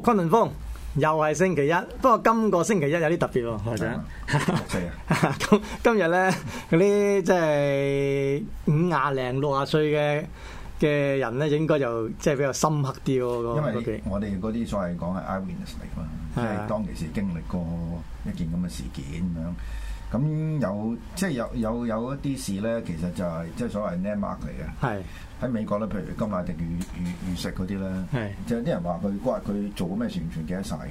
崑崙風又係星期一，不過今個星期一有啲特別喎，或者好吧 今今日咧，嗰啲即係五廿零六廿歲嘅嘅人咧，應該就即係比較深刻啲喎。因為、那個、我哋嗰啲所謂講係 eyewitness 吧嚟㗎，即係當其時經歷過一件咁嘅事件咁樣。咁有即係有有有一啲事咧，其實就係、是、即係所謂 landmark 嚟嘅。喺是美國咧，譬如金馬迪鉛鉛鉛石嗰啲咧，就是有啲人話佢話佢做咩事，完全記得晒嘅。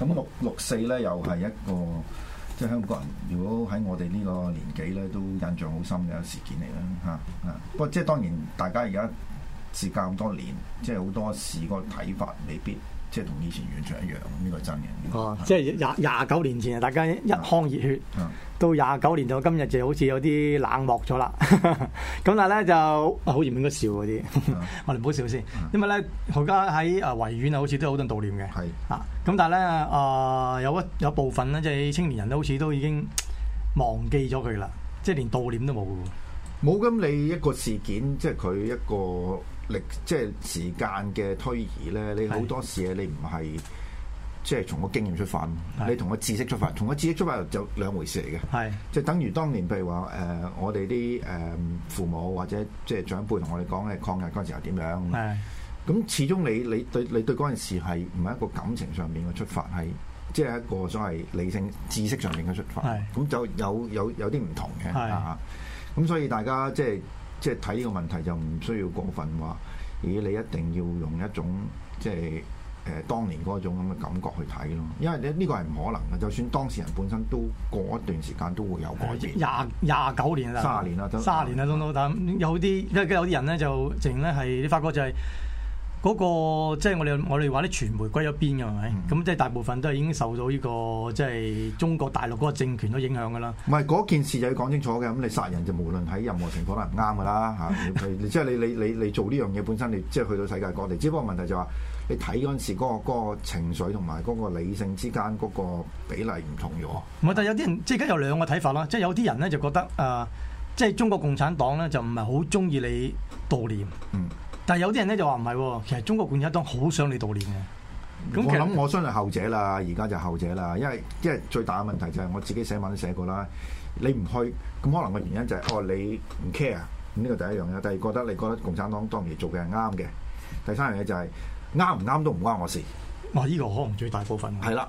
咁六六四咧，又係一個即係香港人，如果喺我哋呢個年紀咧，都印象好深嘅事件嚟啦。嚇啊，啊！不過即係當然，大家而家時間咁多年，即係好多事個睇法未必。即係同以前完全一樣，呢個真人。哦，即係廿廿九年前啊，大家一腔熱血，啊、到廿九年到今日就好似有啲冷漠咗啦。咁 但係咧就好嚴重嘅笑嗰啲，我哋唔好笑先。啊、因為咧，而家喺啊維園啊，好似都有好多悼念嘅。係啊是，咁但係咧啊，有一有部分咧，即係青年人都好似都已經忘記咗佢啦，即係連悼念都冇冇咁理一個事件，即係佢一個。即係時間嘅推移咧，你好多事你唔係即係從個經驗出發，是的 你同個知識出發，從個知識出發就兩回事嚟嘅。係即係等於當年譬如話誒、呃，我哋啲誒父母或者即係長輩同我哋講嘅抗日嗰陣時候點樣？咁，是的 始終你你對，你對你對嗰件事係唔係一個感情上面嘅出發，係即係一個所謂理性知識上面嘅出發。咁是的 就有有有啲唔同嘅，咁所以大家即係。即係睇呢個問題就唔需要過分話，咦？你一定要用一種即係誒當年嗰種咁嘅感覺去睇咯，因為咧呢個係唔可能嘅。就算當事人本身都過一段時間都會有改變。廿廿九年啊！卅年啦，卅年啦，都老膽、嗯、有啲，因為有啲人咧就剩咧係你發覺就係、是。嗰、那個即係我哋我哋話啲傳媒歸咗邊嘅係咪？咁、嗯、即係大部分都係已經受到呢、這個即係中國大陸嗰個政權都影響㗎啦。唔係嗰件事就要講清楚嘅。咁你殺人就無論喺任何情況都係唔啱㗎啦。嚇、嗯，即係、啊、你 你你你，你做呢樣嘢本身，你即係去到世界各地。只不過問題就話、是、你睇嗰陣時、那個，嗰、那個情緒同埋嗰個理性之間嗰個比例唔同咗。唔係，但係有啲人即係而家有兩個睇法啦。即係有啲人咧就覺得誒、呃，即係中國共產黨咧就唔係好中意你悼念。嗯。但係有啲人咧就話唔係喎，其實中國共產黨好想你悼念嘅。咁我諗我相信後者啦，而家就後者啦。因為即係最大嘅問題就係我自己寫文都寫過啦。你唔去，咁可能個原因就係、是、哦你唔 care。咁呢個第一樣嘢，第二覺得你覺得共產黨當然做嘅係啱嘅。第三樣嘢就係啱唔啱都唔關我事。哇！呢、啊呢個可能最大部分，係啦。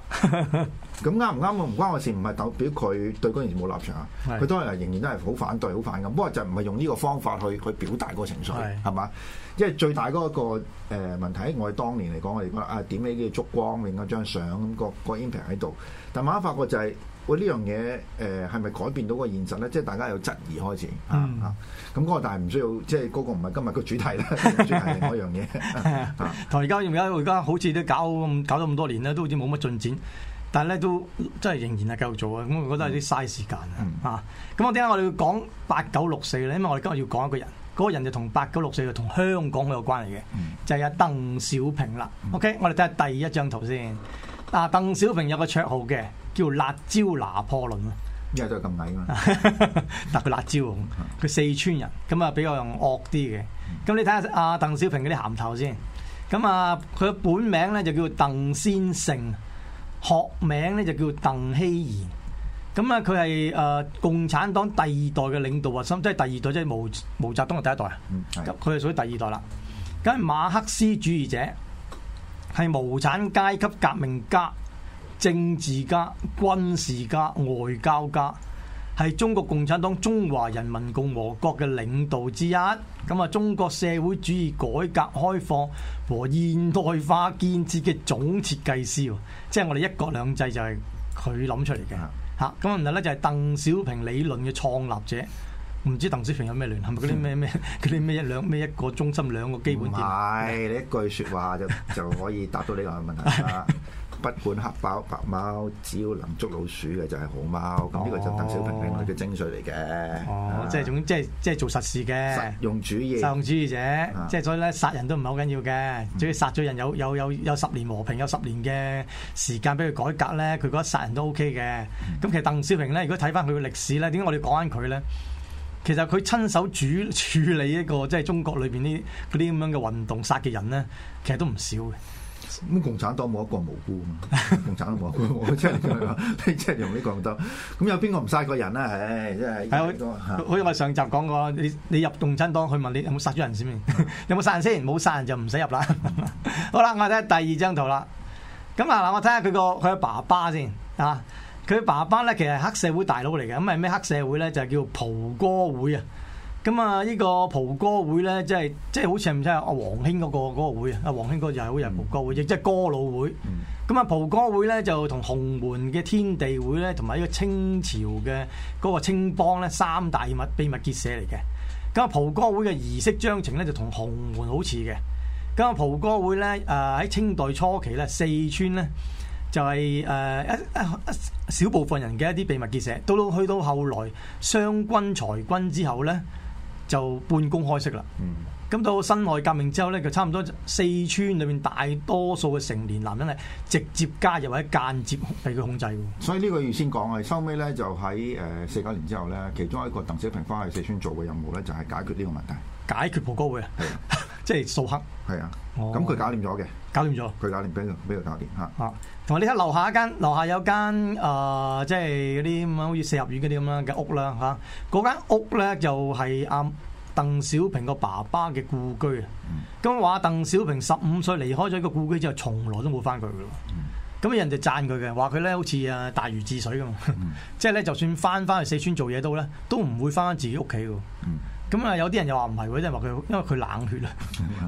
咁啱唔啱啊？唔關我事，唔係代表佢對嗰件事冇立場啊。佢當然係仍然都係好反對、好反感，不過就唔係用呢個方法去去表達嗰個情緒，係嘛是的？因為最大嗰一個誒問題，我哋當年嚟講，我哋啊點起啲燭光，影一張相，咁嗰個影喺度。但慢慢發覺就係、是。喂，呢樣嘢誒係咪改變到個現實咧？即係大家有質疑開始、嗯、啊！咁、那、嗰個但係唔需要，即係嗰個唔係今日個主題啦。主題係嗰樣嘢。同而家而家好似都搞咁搞咗咁多年咧，都好似冇乜進展。但係咧都真係仍然係繼續做、嗯嗯、啊！我覺得有啲嘥時間啊！咁我點解我哋要講八九六四咧，因為我哋今日要講一個人，嗰、那個人就同八九六四同香港好有關嚟嘅，嗯嗯、就係阿鄧小平啦。OK，我哋睇下第一張圖先。啊，鄧小平有個綽號嘅，叫做辣椒拿破侖啊！依家都係咁矮啊嘛，但佢 辣椒，佢 四川人，咁啊比較又惡啲嘅。咁 你睇下啊，鄧小平嗰啲銜頭先。咁啊，佢本名咧就叫鄧先盛，學名咧就叫鄧希賢。咁啊，佢係誒共產黨第二代嘅領導核心，即係第二代，即係毛毛澤東係第一代啊。佢係 屬於第二代啦。咁係馬克思主義者。係無產階級革命家、政治家、軍事家、外交家，係中國共產黨、中華人民共和國嘅領導之一。咁啊，中國社會主義改革開放和現代化建設嘅總設計師，即係我哋一國兩制就係佢諗出嚟嘅。吓，咁，然後咧就係鄧小平理論嘅創立者。唔知鄧小平有咩聯繫？嗰啲咩咩？啲咩一兩咩一個中心兩個基本點？唔係你一句説話就就可以答到呢個問題。 不管黑貓白貓，只要能捉老鼠嘅就係好貓。咁呢個就鄧小平佢嘅精髓嚟嘅。哦，啊、哦，即係總即係即係做實事嘅。實用主義，實用主義啫。啊、即係所以咧，殺人都唔係好緊要嘅。只要殺咗人有，有有有有十年和平，有十年嘅時間俾佢改革咧，佢覺得殺人都 O K 嘅。咁、嗯、其實鄧小平咧，如果睇翻佢嘅歷史咧，點解我哋講翻佢咧？其實佢親手處處理一個即係中國裏邊啲啲咁樣嘅運動殺嘅人咧，其實都唔少嘅。咁共產黨冇一個無辜啊， 共產黨冇，即係即係用呢共產黨。咁有邊個唔殺過人啊？唉，即係。好似我上集講過，你你入共產黨，去問你有冇殺咗人先？ 有冇殺人先？冇殺人就唔使入啦。 好啦，我睇下第二張圖啦。咁啊，嗱，我睇下佢個佢爸爸先啊。佢爸爸咧，其實係黑社會大佬嚟嘅，咁係咩黑社會咧？就係叫蒲哥會啊！咁啊，呢個蒲哥會咧，即係即係好似係唔知係阿黃興嗰個嗰個會啊？阿黃興嗰個就係好似係蒲哥會，亦即係哥老會。咁啊、嗯，蒲哥會咧就同洪門嘅天地會咧，同埋呢個清朝嘅嗰個青幫咧，三大密秘密結社嚟嘅。咁啊，蒲哥會嘅儀式章程咧就同洪門好似嘅。咁啊，蒲哥會咧啊喺清代初期咧，四川咧。就係誒一一小部分人嘅一啲秘密結社，到到去到後來湘軍裁軍之後咧，就半公開式啦。嗯。咁到辛亥革命之後咧，就差唔多四川裏面大多數嘅成年男人係直接加入或者間接被佢控制。所以呢個預先講啊，收尾咧就喺誒四九年之後咧，其中一個鄧小平翻去四川做嘅任務咧，就係解決呢個問題。解決袍哥會。即係掃黑，係啊，咁佢搞掂咗嘅，搞掂咗，佢搞掂，俾佢俾佢搞掂，吓。啊，同埋你睇樓下一間樓下有間誒，即係嗰啲咁樣，好似四合院嗰啲咁樣嘅屋啦，吓。嗰間屋咧就係阿鄧小平個爸爸嘅故居啊。咁話鄧小平十五歲離開咗個故居之後，從來都冇翻佢噶。咁、嗯、人哋讚佢嘅，話佢咧好似啊大禹治水咁、嗯、即係咧就算翻翻去四川做嘢都咧，都唔會翻翻自己屋企噶。嗯咁啊，有啲人又話唔係喎，即係話佢，因為佢冷血啊，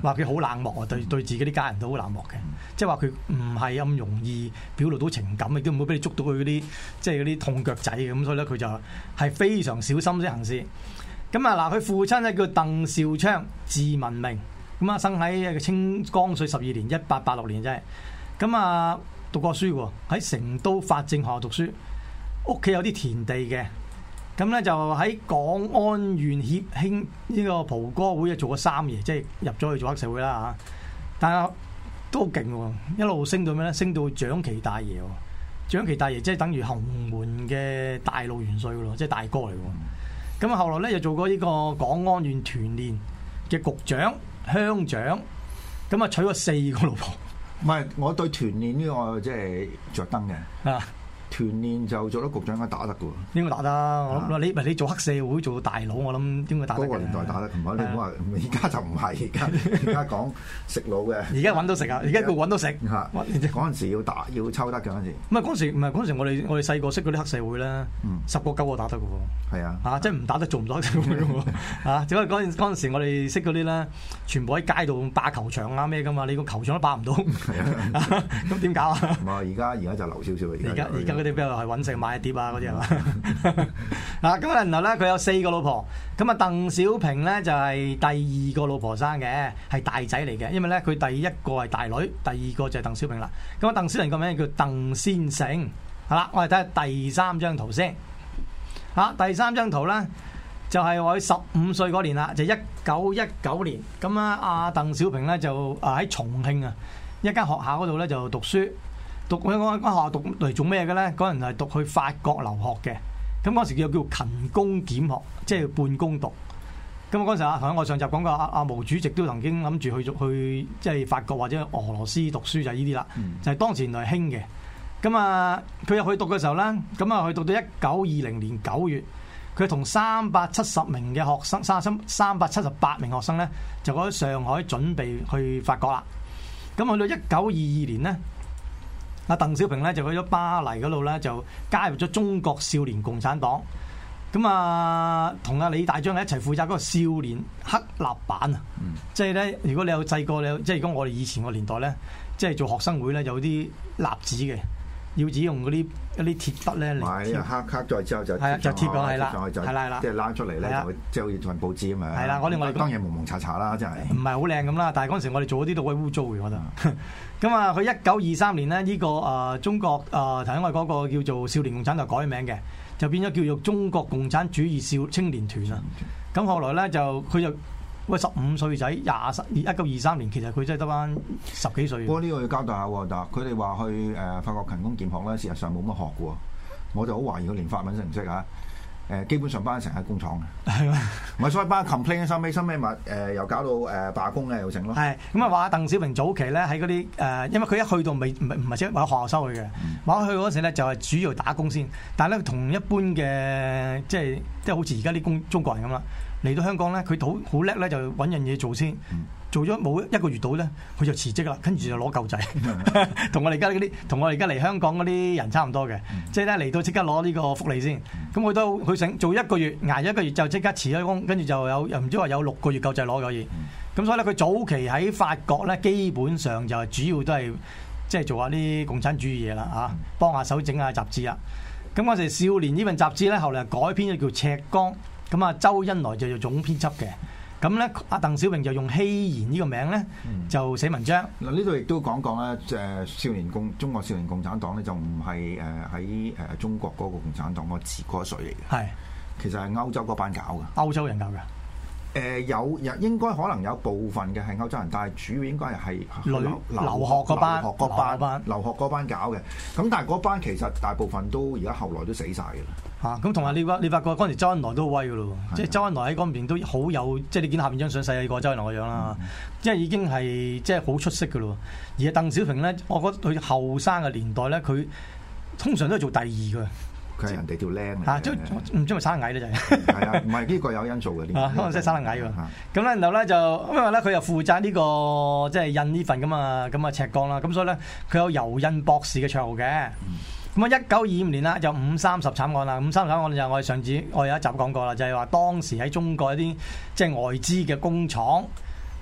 話佢好冷漠啊，對對自己啲家人都好冷漠嘅，即係話佢唔係咁容易表露到情感，亦都唔會俾你捉到佢嗰啲，即係啲痛腳仔，咁所以咧佢就係非常小心啲行事。咁啊，嗱，佢父親咧叫鄧兆昌，字文明，咁啊生喺清光緒十二年一八八六年啫。咁啊讀過書喎，喺成都法政學校讀書，屋企有啲田地嘅。咁咧就喺廣安縣協興呢個袍哥會啊，做咗三爺，即係入咗去做黑社會啦吓。但係都好勁喎，一路升到咩咧？升到掌旗大爺喎。掌旗大爺即係等於洪門嘅大路元帥噶咯，即係大哥嚟喎。咁後來咧就做過呢個廣安縣團練嘅局長、鄉長。咁啊娶咗四個老婆。唔係，我對團練呢個即係着燈嘅啊。團練就做多局長應該打得㗎喎，點打得？我諗你咪你做黑社會做大佬，我諗點會打得？嗰個年代打得，唔係你唔好話，而家就唔係。而家講食老嘅，而家揾到食啊！而家佢揾到食。嚇！嗰陣時要打要抽得嘅嗰陣時。唔係嗰陣時，唔係嗰陣時，我哋我哋細個識嗰啲黑社會啦，十個九個打得㗎喎。係啊，嚇！即係唔打得做唔到黑社會㗎喎。嚇！只係嗰陣嗰陣時我哋識嗰啲咧，全部喺街度霸球場啊咩㗎嘛，你個球場都霸唔到。係啊，咁點搞啊？唔係而家，而家就流少少啦。而家而家。啲比如係揾食買一碟啊嗰啲係嘛，嗱，咁啊，然後咧佢有四個老婆，咁啊鄧小平咧就係第二個老婆生嘅，係大仔嚟嘅，因為咧佢第一個係大女，第二個就係鄧小平啦。咁啊鄧小平個名叫鄧先成，好啦，我哋睇下第三張圖先。吓，第三張圖咧就係話佢十五歲嗰年啦，就一九一九年，咁啊阿鄧小平咧就啊喺重慶啊一間學校嗰度咧就讀書。讀我講，我學校讀嚟做咩嘅咧？嗰人係讀去法國留學嘅。咁嗰時叫叫勤工儉學，即係半工讀。咁嗰時阿同我上集講過，阿毛主席都曾經諗住去去即係法國或者俄羅斯讀書就係呢啲啦，就係當時嚟興嘅。咁啊，佢入去讀嘅時候咧，咁啊去讀到一九二零年九月，佢同三百七十名嘅學生，三三百七十八名學生咧，就喺上海準備去法國啦。咁去到一九二二年咧，阿鄧小平咧就去咗巴黎嗰度咧，就加入咗中國少年共產黨。咁啊，同阿李大章一齊負責嗰個少年黑立版。啊、嗯，即係咧。如果你有細個，你即係如果我哋以前個年代咧，即係做學生會咧，有啲立子嘅。要只用嗰啲嗰啲鐵筆咧，嚟、啊、黑黑在之後就係、啊、就貼咗係啦，係啦、啊，即係、啊啊、拉出嚟咧、啊、就即係好似份報紙啊嘛，係啦、啊，我哋我哋當然蒙蒙查查啦，真係唔係好靚咁啦，但係嗰陣時我哋做嗰啲都鬼污糟嘅，我覺得。咁啊，佢一九二三年咧，呢個啊中國啊，頭先我講叫做少年共產黨改名嘅，就變咗叫做中國共產主義少青年團啊。咁後來咧就佢就。喂，十五歲仔，廿十二一九二三年，其實佢真係得翻十幾歲。不過呢個要交代下喎，佢哋話去誒法國勤工儉學咧，事實上冇乜學嘅，我就好懷疑佢連法文識唔識啊。誒，基本上班喺成日工廠嘅。係啊，咪所以班 complain 收尾，收尾物誒，又搞到誒罷工嘅又整咯。係咁啊，話鄧小平早期咧喺嗰啲誒，因為佢一去到未唔唔係即係話學校收佢嘅，話 去嗰時咧就係主要打工先。但係咧同一般嘅即係即係好似而家啲工中國人咁啦。嚟到香港咧，佢好好叻咧，就揾樣嘢做先，做咗冇一個月到咧，佢就辭職啦， 跟住就攞救濟，同我哋而家啲，同我哋而家嚟香港嗰啲人差唔多嘅，即係咧嚟到即刻攞呢個福利先，咁佢都佢整做一個月捱一個月就即刻辭咗工，跟住就有又唔知話有六個月救濟攞咗嘢，咁所以咧佢早期喺法國咧，基本上就係主要都係即係做下啲共產主義嘢啦，嚇，幫下手整下雜誌啊，咁嗰陣少年呢份雜誌咧，後嚟改編咗叫赤光《赤光》。咁啊，周恩來就做總編輯嘅，咁咧阿鄧小平就用希賢呢、這個名咧，嗯、就寫文章。嗱，呢度亦都講講咧，誒，少年共中國少年共產黨咧，就唔係誒喺誒中國嗰個共產黨個子公司嚟嘅，係，是其實係歐洲嗰班搞嘅，歐洲人搞嘅。誒、呃、有有應該可能有部分嘅係歐洲人，但係主要應該係女留留學嗰班、留學嗰班、留學嗰班搞嘅。咁但係嗰班其實大部分都而家後來都死晒嘅啦。嚇、啊！咁同埋你發你發覺嗰陣時，周恩來都威嘅咯。即係的周恩來喺嗰邊都好有，即係你見下面張相細細個周恩來個樣啦、嗯。即係已經係即係好出色嘅咯。而係鄧小平咧，我覺得佢後生嘅年代咧，佢通常都係做第二嘅。佢係人哋條靚嚟，唔知咪生矮咧，就係。係啊，唔係呢個有因素嘅，可能真係生得矮喎。咁咧，然後咧就因為咧，佢又負責呢、這個即係印呢份咁啊，咁啊赤光啦。咁所以咧，佢有油印博士嘅綽號嘅。咁啊、嗯，一九二五年啦，有五三十慘案啦。五三十慘案就我上次我有一集講過啦，就係、是、話當時喺中國一啲即係外資嘅工廠，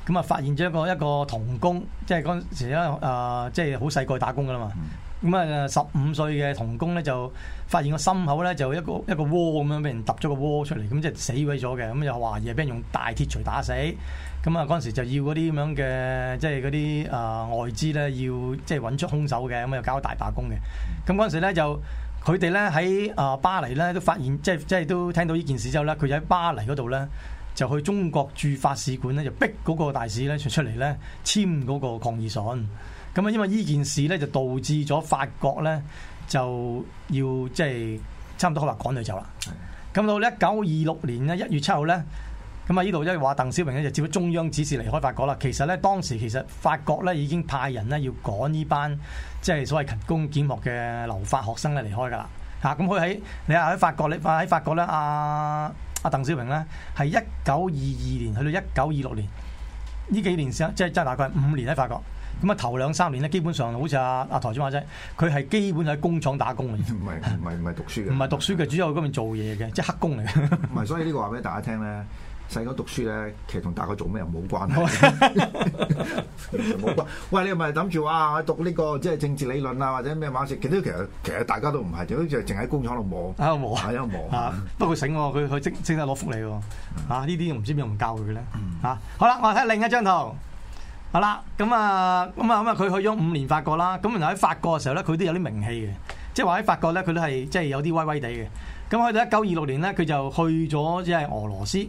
咁啊發現咗一個一個童工，即係嗰陣時咧啊、呃，即係好細個打工噶啦嘛。嗯咁啊，十五歲嘅童工咧就發現個心口咧就一個一個窩咁樣俾人揼咗個窩出嚟，咁即係死鬼咗嘅。咁又話嘢俾人用大鐵錘打死。咁啊，嗰陣時就要嗰啲咁樣嘅，即係嗰啲啊外資咧要即係揾出兇手嘅，咁又搞大罷工嘅。咁嗰陣時咧就佢哋咧喺啊巴黎咧都發現，即係即係都聽到呢件事之後咧，佢喺巴黎嗰度咧就去中國駐法使館咧就逼嗰個大使咧就出嚟咧簽嗰個抗議信。咁啊，因為呢件事咧，就導致咗法國咧就要即係差唔多可能話趕佢走啦。咁、嗯、到一九二六年咧一月七號咧，咁啊呢度即係話鄧小平咧就接到中央指示離開法國啦。其實咧當時其實法國咧已經派人咧要趕呢班即係所謂勤工儉學嘅留法學生咧離開噶啦嚇。咁佢喺你喺法國，你話喺法國咧阿阿鄧小平咧係一九二二年去到一九二六年呢幾年先，即係即係大概五年喺法國。咁啊，頭兩三年咧，基本上好似阿阿台主話齋，佢係基本喺工廠打工嚟，唔係唔係唔係讀書嘅。唔係 讀書嘅，主要喺嗰邊做嘢嘅，即係黑工嚟。唔係，所以呢個話俾大家聽咧，細個讀書咧，其實同大個做咩又冇關係。冇關。喂，你係咪諗住哇，讀呢個即係政治理論啊，或者咩？馬石其實其實大家都唔係，最多就淨喺工廠度忙。喺度磨。喺度磨。不過醒、哦，佢佢正正得攞福利喎。啊， 呢啲唔知點解唔教佢嘅咧？吓，好啦，我睇另一張圖。好啦，咁啊，咁啊，咁啊，佢去咗五年法國啦，咁然後喺法國嘅時候咧，佢都有啲名氣嘅，即係話喺法國咧，佢都係即係有啲威威地嘅。咁去到一九二六年咧，佢就去咗即係俄羅斯。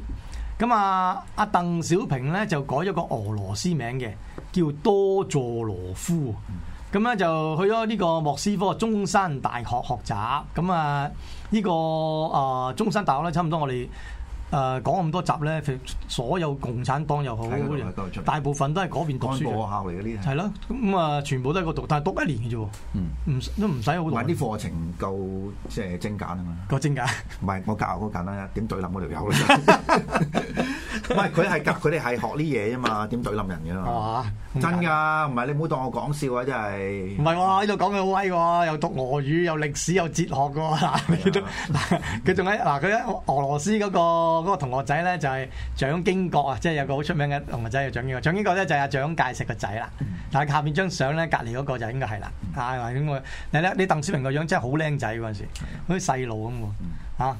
咁啊，阿鄧小平咧就改咗個俄羅斯名嘅，叫多佐羅夫。咁咧就去咗呢個莫斯科中山大學學習。咁啊，呢個啊中山大學咧，差唔多我哋。誒，講咁多集咧，其實所有共產黨又好，大部分都係嗰邊讀書。幹部學校嚟嗰啲。係咯，咁啊，全部都喺嗰度讀，但係讀一年嘅啫喎。嗯。唔都唔使好。揾啲課程夠即係精簡啊嘛。夠精簡。唔係我教嗰簡單啦，點對冧嗰條友咧？唔係佢係夾佢哋係學呢嘢啫嘛，點對冧人嘅嘛？係嘛？真噶，唔係你唔好當我講笑啊！真係唔係喎，呢度講嘅好威喎、啊，又讀俄語，又歷史，又哲學嘅、啊、喎。佢仲喺嗱，佢喺俄羅斯嗰、嗰個嗰、嗰個同學仔咧就係、是、蔣經國啊，即、就、係、是、有個好出名嘅同學仔叫蔣經國。蔣經國咧就係阿蔣介石個仔啦。但係下面呢邊張相咧隔離嗰個就應該係啦，係嘛？應該你咧，你鄧小平個樣真係好靚仔嗰陣時，好似細路咁喎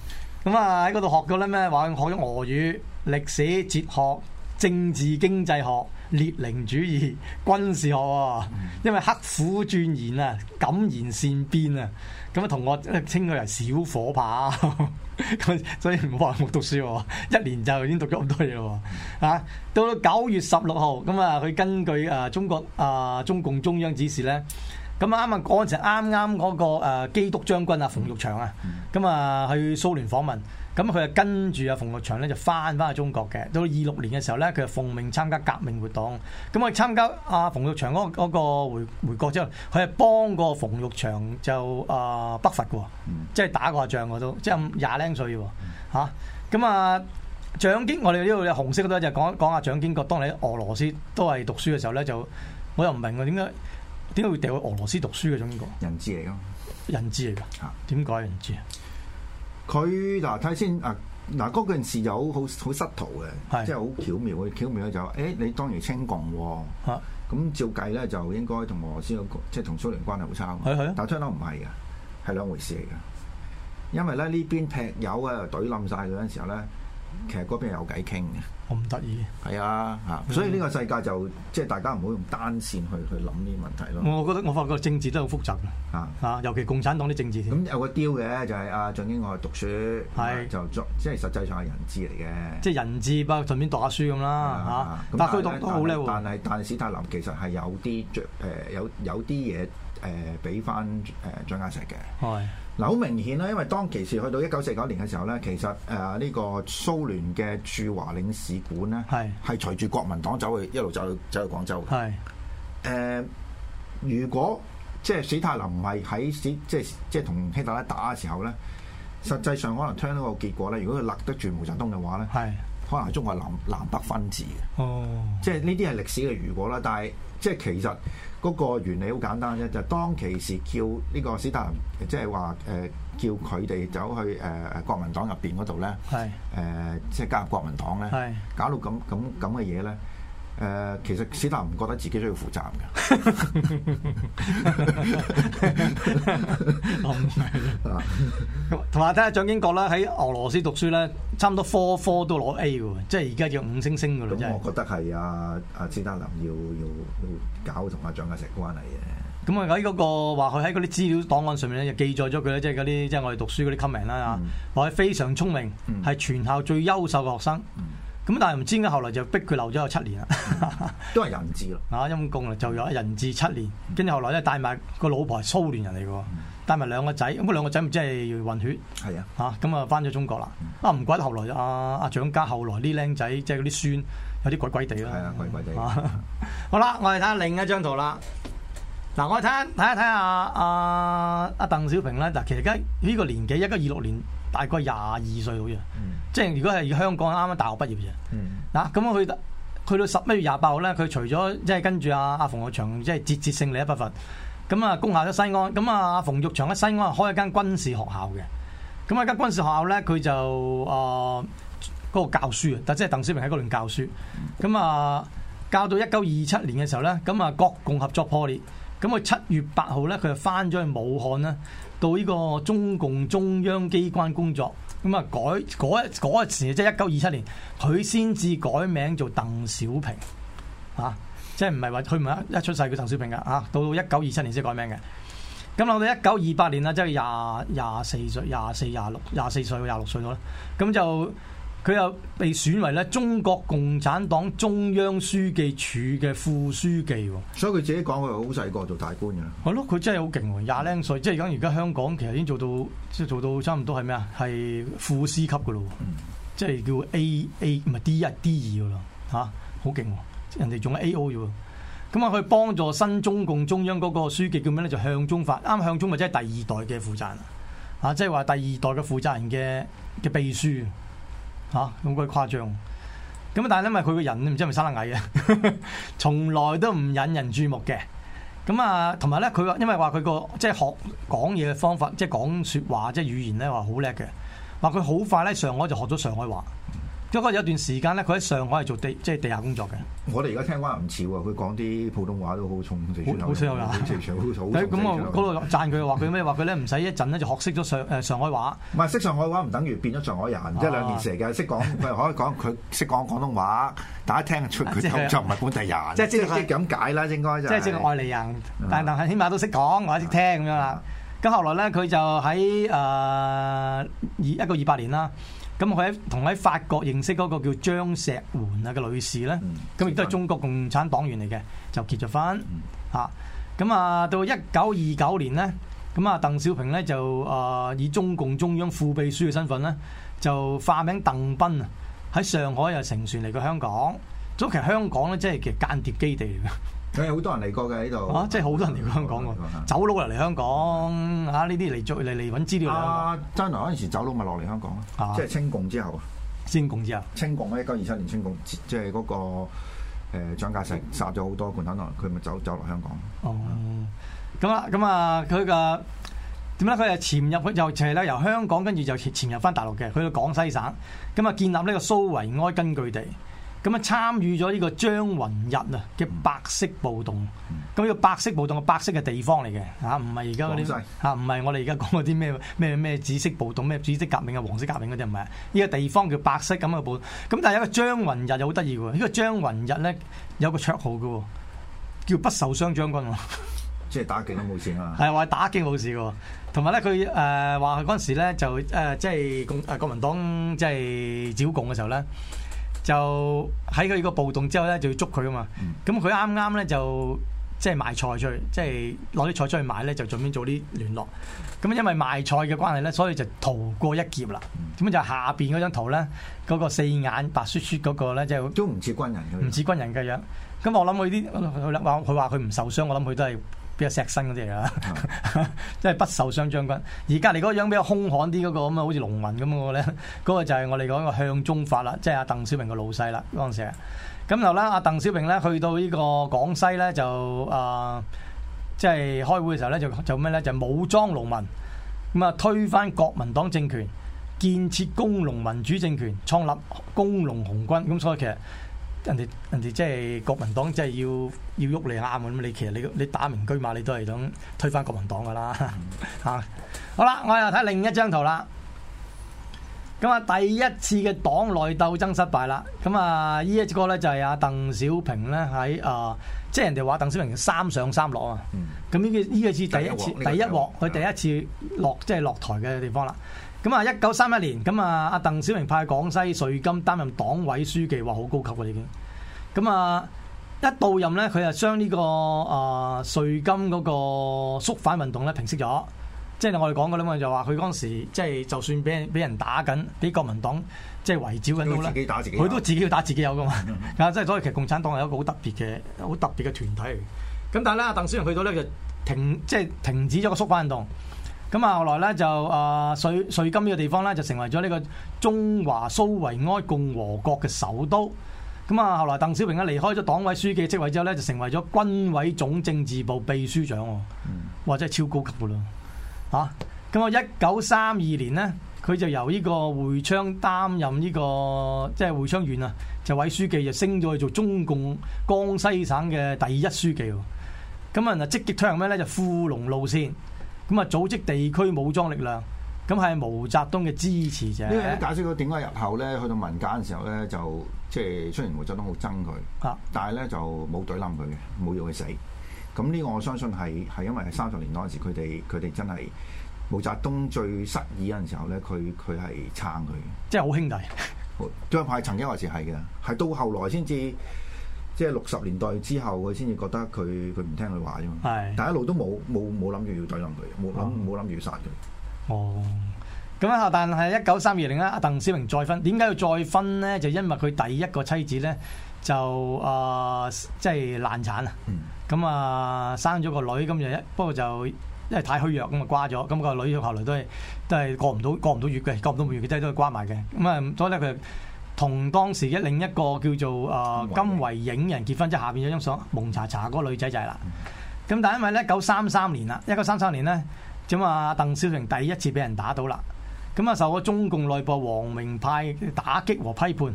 咁啊喺嗰度學嗰啲咩話？學咗俄語、歷史、哲學、政治經濟學。列寧主義、軍事學，因為刻苦鑽研啊、敢言善辯啊，咁啊同學稱佢為小火炮，咁 所以唔好話冇讀書喎，一年就已經讀咗咁多嘢喎，嚇、啊！到九月十六號，咁啊佢根據啊中國啊中共中央指示咧，咁啱啱嗰陣啱啱嗰個基督將軍啊馮玉，玉祥啊，咁啊去蘇聯訪問。咁佢就跟住阿馮玉祥咧就翻翻去中國嘅，到二六年嘅時候咧，佢就奉命參加革命活動。咁佢參加阿馮玉祥嗰個回回國之後，佢係幫過馮玉祥就啊北伐嘅喎，即係打過下仗嘅都，即係廿零歲喎咁、嗯、啊蔣經我哋呢度嘅紅色嗰度就講講下蔣經國當你俄羅斯都係讀書嘅時候咧，就我又唔明點解點解會掉去俄羅斯讀書嘅中國人質嚟咯，人質嚟㗎，點解、啊、人質。啊？佢嗱睇先啊，嗱嗰陣時有好好失圖嘅，是即係好巧妙嘅，巧妙咧就誒、欸、你當然清共喎、哦，咁、啊嗯、照計咧就應該同俄羅斯即係同蘇聯關係好差，是啊是啊但係真當唔係嘅，係兩回事嚟嘅，因為咧呢邊劈友啊隊冧晒嗰陣時候咧。其實嗰邊有偈傾嘅，我唔得意？係啊，嚇！所以呢個世界就即係、就是、大家唔好用單線去去諗呢啲問題咯。我覺得我發覺政治真係好複雜嘅，嚇、啊、尤其共產黨啲政治。咁有個雕嘅就係阿俊英，我讀書，係、啊、就作即係實際上係人質嚟嘅，即係人質包括順便讀下書咁啦嚇。但佢讀得好叻喎。但係但史泰林其實係有啲著有有啲嘢誒俾翻誒蔣介石嘅。開嗱，好明顯啦，因為當其時去到一九四九年嘅時候咧，其實誒呢、呃這個蘇聯嘅駐華領事館咧，係係是隨住國民黨走去一路走去走去廣州嘅。係誒是、呃，如果即係斯大林唔係喺史即係即係同希特勒打嘅時候咧，實際上可能聽到個結果咧，如果佢勒得住毛澤東嘅話咧，係。可能中國南南北分治嘅、oh.，即係呢啲係歷史嘅如果啦。但係即係其實嗰個原理好簡單啫，就是、當其時叫呢個史達林，即係話誒叫佢哋走去誒、呃、國民黨入邊嗰度咧，誒、oh. 呃、即係加入國民黨咧，oh. 搞到咁咁咁嘅嘢咧。誒，其實史達林唔覺得自己都要負責嘅，同埋睇下蔣經國啦，喺俄羅斯讀書咧，差唔多科科都攞 A 嘅，即係而家叫五星星嘅咯。咁、嗯、的我覺得係阿阿史達林要要搞同阿蔣介石關係嘅、嗯。咁啊喺嗰個話佢喺嗰啲資料檔案上面咧就記載咗佢咧，即係嗰啲即係我哋讀書嗰啲 comment 啦嚇、嗯，話佢非常聰明，係、嗯、全校最優秀嘅學生。嗯咁但係唔知點解，後來就逼佢留咗有七年啦，都係人質咯，啊陰功啊，就有人質七年，跟住、嗯、後來咧帶埋個老婆係蘇聯人嚟嘅，帶埋兩個仔，咁兩個仔唔知係混血，係啊，嚇咁啊翻咗中國啦，啊唔怪得後來阿阿蔣家後來啲僆仔即係嗰啲孫有啲鬼鬼地啦，係 啊鬼鬼地，好啦，我哋睇下另一張圖啦，嗱我哋睇下，睇一睇下阿阿鄧小平啦，嗱其實而家呢個年紀一家二六年。大概廿二歲好似，即係如果係香港啱啱大學畢業啫。嗱咁樣佢去到十一月廿八號咧，佢除咗即係跟住阿阿馮玉祥即係、就是、節節勝利一北伐，咁啊攻下咗西安。咁啊阿馮玉祥喺西安開一間軍事學校嘅。咁啊間軍事學校咧，佢就啊嗰、呃嗰個教書啊，但即係鄧小平喺嗰輪教書。咁啊教到一九二七年嘅時候咧，咁啊國共合作破裂。咁佢七月八號咧，佢就翻咗去武漢啦。到呢個中共中央機關工作，咁啊改嗰一陣即係一九二七年，佢先至改名做鄧小平，啊，即係唔係話佢唔係一出世叫鄧小平㗎，啊，到一九二七年先改名嘅。咁我哋一九二八年啦，即係廿廿四歲、廿四、廿六、廿四歲、廿六歲咗啦，咁就。佢又被選為咧中國共產黨中央書記處嘅副書記，哦，所以佢自己講，佢好細個做大官嘅。我諗佢真係好勁，廿零歲即係講而家香港其實已經做到即係做到差唔多係咩啊？係副司級嘅咯， 即係叫 A A 唔係 D 一 D 二嘅啦嚇，啊，好勁哦！人哋仲係 A O 啫喎，咁啊佢幫助新中共中央嗰個書記叫咩咧？就向忠發，啱向忠咪即係第二代嘅負責人啊，即係話第二代嘅負責人嘅嘅秘書。嚇，咁鬼誇張咁。但係因為佢個人唔知係咪生得矮嘅， 從來都唔引人注目嘅。咁啊，同埋咧，佢話因為話佢個即係學講嘢嘅方法，即係講說話，即係語言咧，話好叻嘅。話佢好快咧，上海就學咗上海話。因為有段時間咧，佢喺上海係做地，即係地下工作嘅。我哋而家聽翻唔似喎，佢講啲普通話都好重，好少有。咁我嗰度讚佢話佢咩？話佢咧唔使一陣咧就學識咗上誒上海話。唔係識上海話，唔等於變咗上海人，即係一兩年成嘅識講，佢可以講佢識講廣東話，大家聽出佢口音唔係本地人。即係即係咁解啦，應該就。即係一個外來人，但係起碼都識講，或者識聽咁樣啦。咁後來咧，佢就喺誒二一個二八年啦。咁佢喺同喺法國認識嗰個叫張錫瑗啊嘅女士咧，咁亦都係中國共產黨員嚟嘅，就結咗婚嚇。咁啊，到一九二九年咧，咁啊，鄧小平咧就啊、呃、以中共中央副秘書嘅身份咧，就化名鄧斌啊喺上海又乘船嚟過香港。早期香港咧，即係其實間諜基地嚟嘅。誒好多人嚟過嘅喺度，啊，真係好多人嚟香港過走佬嚟嚟香港，嚇呢啲嚟做嚟嚟揾資料啊！真來嗰陣時走佬咪落嚟香港咯，啊、即係清共之後，先共之後，清共咧一九二七年清共，即係嗰、那個誒蔣介石殺咗好多共產黨人，佢咪走走落香港。哦，咁啊、嗯，咁啊、嗯，佢嘅點咧？佢係潛入去，由斜咧由香港跟住就潛入翻大陸嘅，去到廣西省，咁啊建立呢個蘇維埃根據地。咁啊，參與咗呢個張雲逸啊嘅白色暴動。咁呢個白色暴動係白色嘅地方嚟嘅，嚇唔係而家嗰啲嚇唔係我哋而家講嗰啲咩咩咩紫色暴動、咩紫色革命啊、黃色革命嗰啲唔係。呢、呢個地方叫白色咁嘅暴動。咁但係有個張雲逸又好得意喎。呢、呢個張雲逸咧有個綽號㗎喎，叫不受傷將軍喎。即係打擊都冇事啊？係話 打擊冇事喎。同埋咧，佢誒話嗰陣時咧就誒、呃、即係共國民黨即係剿共嘅時候咧。就喺佢個暴動之後咧，就要捉佢啊嘛。咁佢啱啱咧就即係賣菜出去，即係攞啲菜出去買咧，就盡量做啲聯絡。咁因為賣菜嘅關係咧，所以就逃過一劫啦。咁就下邊嗰張圖咧，嗰、嗰個四眼白雪雪嗰個咧，即係都唔似軍人嘅，唔似軍人嘅樣。咁我諗佢啲話佢話佢唔受傷，我諗佢都係。比較錫身嗰啲嚟啊，即 係不受傷將軍。而隔籬嗰張比較兇悍啲嗰、嗰個咁啊，好似農民咁嗰個咧，嗰、嗰個就係我哋講個向忠發啦，即係阿鄧小平個老細啦嗰陣時。咁後啦，阿鄧小平咧去到個廣呢個廣西咧就啊，即、呃、係、就是、開會嘅時候咧就就咩咧就是、武裝農民，咁啊推翻國民黨政權，建設工農民主政權，創立工農紅軍。咁所以其實。人哋人哋即係國民黨即，即係要要喐你啱咁，你其實你你打明車馬，你都係想推翻國民黨噶啦嚇、 嗯。好啦，我又睇另一張圖啦。咁啊，第一次嘅黨內鬥爭失敗啦。咁啊，呢一過咧就係阿鄧小平咧喺啊，即係人哋話鄧小平三上三落啊。咁呢個呢個次第一次第一鑊，佢、嗯、第一次落即係落台嘅地方啦。咁啊，一九三一年，咁啊，阿鄧小平派去廣西瑞金擔任黨委書記，話好高級嘅已經。咁啊，一到任咧，佢就將呢個啊瑞金嗰個縮反運動咧平息咗。即係我哋講嘅啦嘛，就話佢嗰陣時，即係就算俾人俾人打緊，俾國民黨即係圍剿緊都啦。佢都自己要打自己有嘅嘛。啊，即係所以其實共產黨係一個好特別嘅、好特別嘅團體嚟。咁但係咧，阿鄧小平去到咧就停，即係停止咗個縮反運動。咁啊，後來咧就啊、呃，瑞瑞金呢個地方咧就成為咗呢個中華蘇維埃共和國嘅首都。咁啊，後來鄧小平咧離開咗黨委書記職位之後咧，就成為咗軍委總政治部秘書長，哇！真係超高級噶咯嚇。咁啊，一九三二年呢，佢就由呢個會昌擔任呢、呢個即係會昌縣啊，就委書記，就升咗去做中共江西省嘅第一書記。咁啊，積極推行咩咧？就富農路線。咁啊，組織地區武裝力量，咁係毛澤東嘅支持者。呢個解釋到點解日後咧，去到文革嘅時候咧，就即係雖然毛澤東好憎佢，啊、但係咧就冇懟冧佢嘅，冇要佢死。咁呢個我相信係係因為係三十年代時，佢哋佢哋真係毛澤東最失意嗰陣時候咧，佢佢係撐佢嘅，即係好兄弟。張派曾經話事係嘅，係到後來先至。即係六十年代之後，佢先至覺得佢佢唔聽佢話啫嘛。但一路都冇冇冇諗住要宰斬佢，冇諗冇諗住殺佢。哦，咁啊！但係一九三二年啊，鄧小平再婚，點解要再婚咧？就因為佢第一個妻子咧就啊、呃，即係難產啊。咁啊、嗯嗯，生咗個女，咁就一不過就因為太虛弱咁啊，瓜咗。咁個女後來都係都係過唔到過唔到月嘅，過唔到月，月，佢真係都瓜埋嘅。咁啊，所以咧佢。同當時嘅另一個叫做誒金維影人結婚，即係下邊有張相蒙查查嗰個女仔就係啦。咁但係因為一九三三年啦，一九三三年咧，咁啊鄧小平第一次俾人打倒到啦。咁啊受咗中共內部王明派嘅打擊和批判。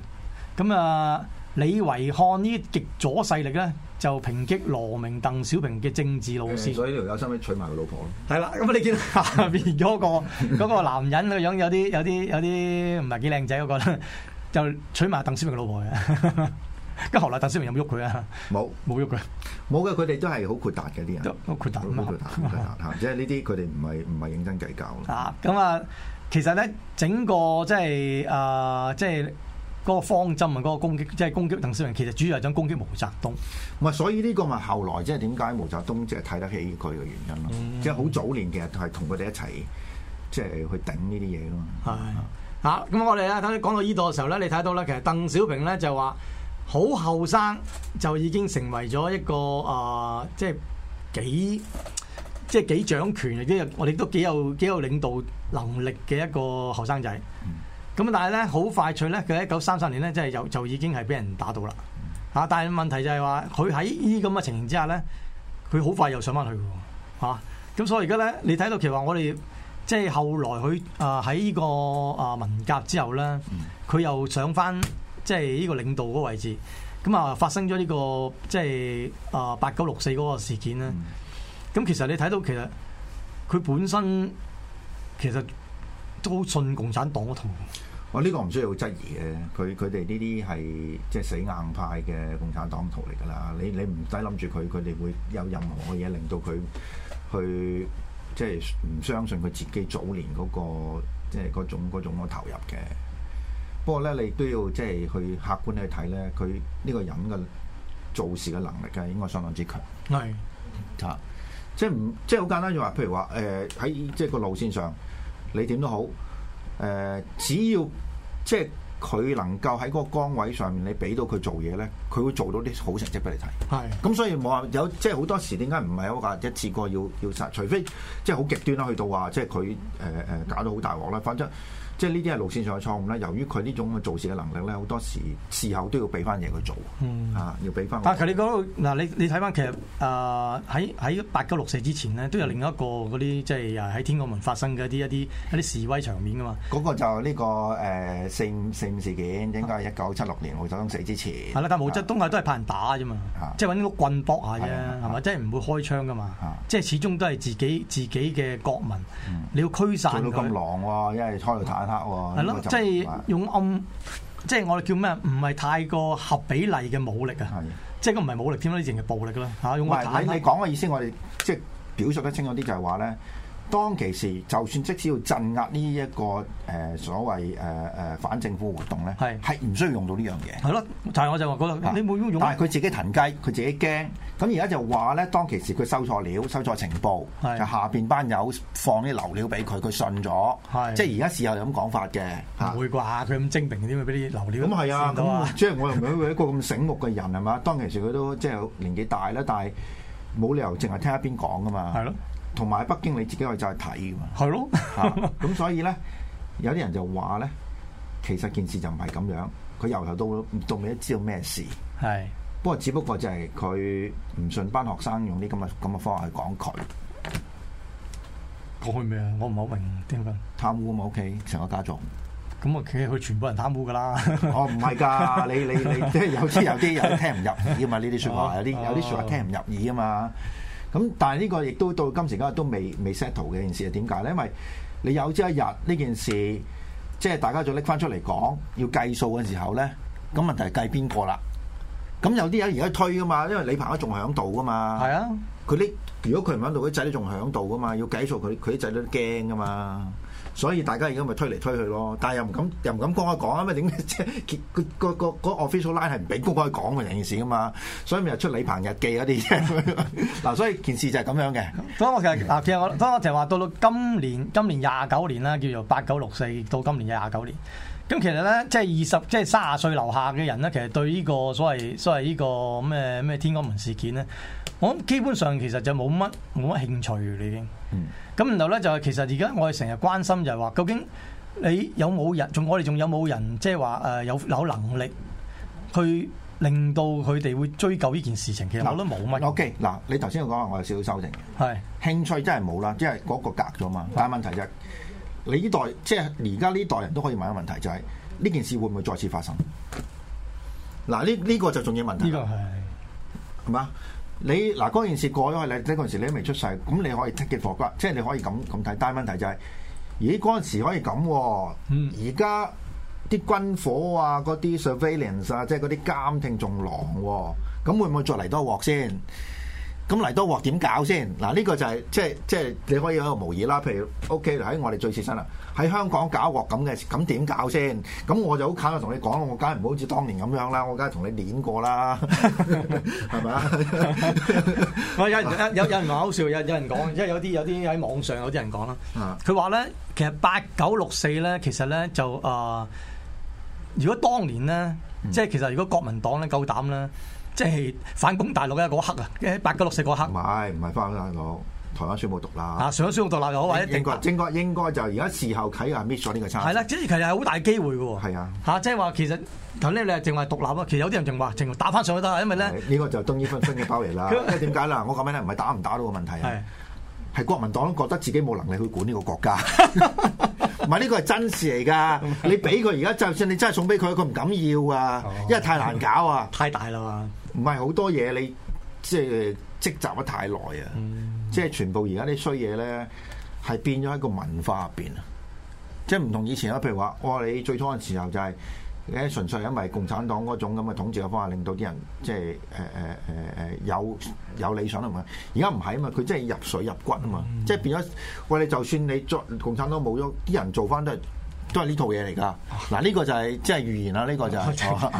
咁啊李維漢呢極左勢力咧就抨擊羅明鄧小平嘅政治路線，嗯。所以呢條友收尾娶埋個老婆咯。係啦，咁你見下邊嗰，嗰個嗰個男人個樣，嗰個樣有啲有啲有啲唔係幾靚仔嗰個咧。就娶埋鄧小明嘅老婆嘅，咁後來鄧小明有冇喐佢啊？冇有，冇喐佢，冇嘅。佢哋都係好豁達嘅啲人，好豁達，好豁達， 豁達，即係呢啲佢哋唔係唔係認真計較咁啊、嗯，其實咧整個即係誒，即係嗰、呃、個方針啊，嗰、嗰個攻擊，即係攻擊鄧小明。其實主要係想攻擊毛澤東。唔係，所以呢個咪後來即係點解毛澤東即係睇得起佢嘅原因咯？嗯、即係好早年其實係同佢哋一齊即係去頂呢啲嘢噶嘛。係。吓，咁、啊、我哋咧，等你講到呢度嘅時候咧，你睇到咧，其實鄧小平咧就話好後生就已經成為咗一個誒、呃，即係幾即係幾掌權，亦都我哋都幾有幾有領導能力嘅一個後生仔。咁、嗯、但係咧好快脆咧，佢喺一九三三年咧，即係就就已經係俾人打倒啦。吓、啊，但係問題就係話，佢喺呢咁嘅情形之下咧，佢好快又上翻去嘅。吓、啊，咁所以而家咧，你睇到其實話我哋。即係後來佢啊喺呢個啊文革之後咧，佢、嗯、又上返即係呢個領導嗰個位置，咁啊發生咗呢個即係啊八九六四嗰個事件咧。咁、嗯、其實你睇到其實佢本身其實都好信共產黨嘅圖。我呢個唔需要好質疑嘅，佢佢哋呢啲係即係死硬派嘅共產黨徒嚟㗎啦。你你唔使諗住佢，佢哋會有任何嘅嘢令到佢去。即係唔相信佢自己早年嗰個即係嗰種嗰種嘅投入嘅。不過咧，你都要即係去客觀去睇咧，佢呢個人嘅做事嘅能力，佢應該相當之強。係嚇是，即係唔即係好簡單，就話譬如話誒喺即係個路線上，你點都好誒，只要即係。佢能夠喺嗰個崗位上面你，你俾到佢做嘢咧，佢會做到啲好成績俾你睇。係是，咁所以冇話有，即係好多時點解唔係話一次過要要殺。除非即係好極端啦，去到話即係佢誒誒搞到好大鑊啦。反正。即係呢啲係路線上嘅錯誤咧。由於佢呢種嘅做事嘅能力咧，好多時事後都要俾翻嘢佢做，啊，要俾翻。但係其實你度，嗱，你你睇翻其實啊，喺喺八九六四之前咧，都有另一個嗰啲即係喺天安門發生嘅一啲一啲一啲示威場面噶嘛。嗰個就呢個誒四五四五事件，應該係一九七六年毛澤東死之前。係啦，但係毛澤東啊都係派人打啫嘛，即係揾碌棍搏下啫，係嘛，即係唔會開槍噶嘛。即係始終都係自己自己嘅國民，你要驅散佢咁狼喎，一係係咯，嗯、的即係用暗，嗯、即係我哋叫咩？唔係太過合比例嘅武力，的武力，力啊，即係佢唔係武力添咯。呢啲係暴力啦吓，用係你你講嘅意思我，我哋即係表述得清楚啲就係話咧。當其時，就算即使要鎮壓呢一個誒所謂誒誒反政府活動咧，係係唔需要用到呢樣嘢。係咯，就係我就話嗰句，你冇用。但係佢自己騰雞，佢自己驚。咁而家就話咧，當其時佢收錯料、收錯情報，就是下邊班友放啲流料俾佢，佢信咗。是即係而家事後有咁講法嘅唔會啩？佢咁精明點會俾啲流料？咁係啊，咁即係我又唔會一個咁醒目嘅人係嘛？ 當其時佢都即係年紀大啦，但係冇理由淨係聽一邊講噶嘛。係咯。同埋喺北京你自己可以走去睇㗎嘛，係咯的，咁、啊、所以咧有啲人就話咧，其實件事就唔係咁樣，佢由頭到到尾都知道咩事，係的，不過只不過就係佢唔信班學生用啲咁嘅咁嘅方法去講佢，講佢咩？我唔好明點樣貪污啊嘛屋企，成個家族，咁啊、嗯，其實佢全部人貪污噶啦， 哦唔係㗎，你你你即係有啲有啲人啲聽唔入耳嘛？呢啲説話有啲有啲説話聽唔入耳㗎嘛？咁但係呢個亦都到今時今日都未未 settle 嘅件事係點解咧？因為你有朝一日呢件事即係大家就拎翻出嚟講，要計數嘅時候咧，咁問題係計邊個啦？咁有啲人而家推噶嘛，因為李鵬仲喺度噶嘛。係是啊，佢拎，如果佢唔喺度，啲仔都仲喺度噶嘛。要計數佢，佢啲仔都驚噶嘛。所以大家而家咪推嚟推去咯，但係又唔敢又唔敢公開講啊！咩？點解？即 係個個 official line 係唔俾公開講嘅成件事噶嘛，所以咪出李鵬日記嗰啲嘢。嗱， 所以件事就係咁樣嘅。當我 其實嗱，其實我當我成日話到到今年，今年廿九年啦，叫做八九六四到今年嘅廿九年。咁其實咧，即係二十，即係卅歲樓下嘅人咧，其實對呢個所謂所謂呢個咩咩天安門事件咧，我諗基本上其實就冇乜冇乜興趣你已嗯。咁然後咧就係其實而家我哋成日關心就係話，究竟你有冇人？仲我哋仲有冇人？即係話誒有有能力去令到佢哋會追究呢件事情？其實我都冇乜。嗯。OK。嗱，你頭先講話，我有少少修正嘅。係。興趣真係冇啦，即係嗰個隔咗嘛。但係問題就～你呢代即係而家呢代人都可以問一個問題，就係、是、呢件事會唔會再次發生？嗱，呢呢、呢個就重要問題。呢個係係嘛？你嗱嗰件事過咗去，你嗰陣時你都未出世，咁你可以 take the 即係你可以咁咁睇。但係問題就係、是，咦嗰陣時可以咁，而家啲軍火啊、嗰啲 surveillance 啊，即係嗰啲監聽仲狼、啊，咁會唔會再嚟多鑊先？咁嚟多鑊點搞先？嗱、啊，呢、這個就係、是、即係即係你可以喺度模擬啦。譬如，OK 喺我哋最切身啦，喺香港搞鑊咁嘅，咁點搞先？咁我就好近，我同你講，我梗係唔好似當年咁樣啦，我梗係同你捻過啦，係咪啊？我有有有有人講好笑，有有人講，即係有啲有啲喺網上有啲人講啦。佢話咧，其實八九六四咧，其實咧就啊、呃，如果當年咧，即係其實如果國民黨咧夠膽咧。即係反攻大陸嘅嗰刻啊，即係八九六四嗰刻。唔係唔係反攻大陸，台灣宣布獨立。啊，上咗宣布獨立又好，應該應該應該就而家事後啟下 miss 咗呢個差。係啦，即係其實係好大機會嘅喎。係啊。嚇、啊，即係話其實頭先你係淨話獨立啊，其實有啲人淨話淨打翻上去得，因為咧呢、呢個就中意分嘅包嚟啦。因為點解啦？我講緊咧唔係打唔打到嘅問題、啊，係是國民黨覺得自己冇能力去管呢個國家，唔係呢個係真事嚟㗎。你俾佢而家，就算你真係送俾佢，佢唔敢要啊，oh, 因為太難搞啊，太大啦嘛。唔係好多嘢，你即係積集得太耐啊！即係、mm hmm. 全部而家啲衰嘢咧，係變咗喺個文化入邊啊！即係唔同以前啊，譬如話，我、哦、話你最初嘅時候就係、係、誒純粹因為共產黨嗰種咁嘅統治嘅方法，令到啲人即係誒誒誒誒有有理想啊嘛。而家唔係啊嘛，佢真係入水入骨啊嘛，mm hmm. 即係變咗。我哋就算你做共產黨冇咗，啲人做翻都係。都係呢套嘢嚟噶。嗱、這、呢個就係即係預言啦，呢、這個就係，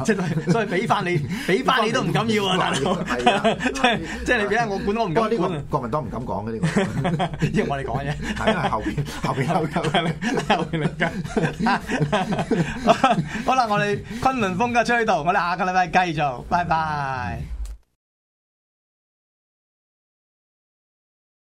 即係所以俾翻你，俾翻你都唔敢要啊，大佬，即係即係你俾我管我唔敢。呢 個國民黨唔敢講嘅呢個， 因為我哋講嘢係啊後邊後邊有嘅，後邊有嘅。好啦，我哋崑崙風嘅吹到，我哋下個禮拜繼續，拜拜。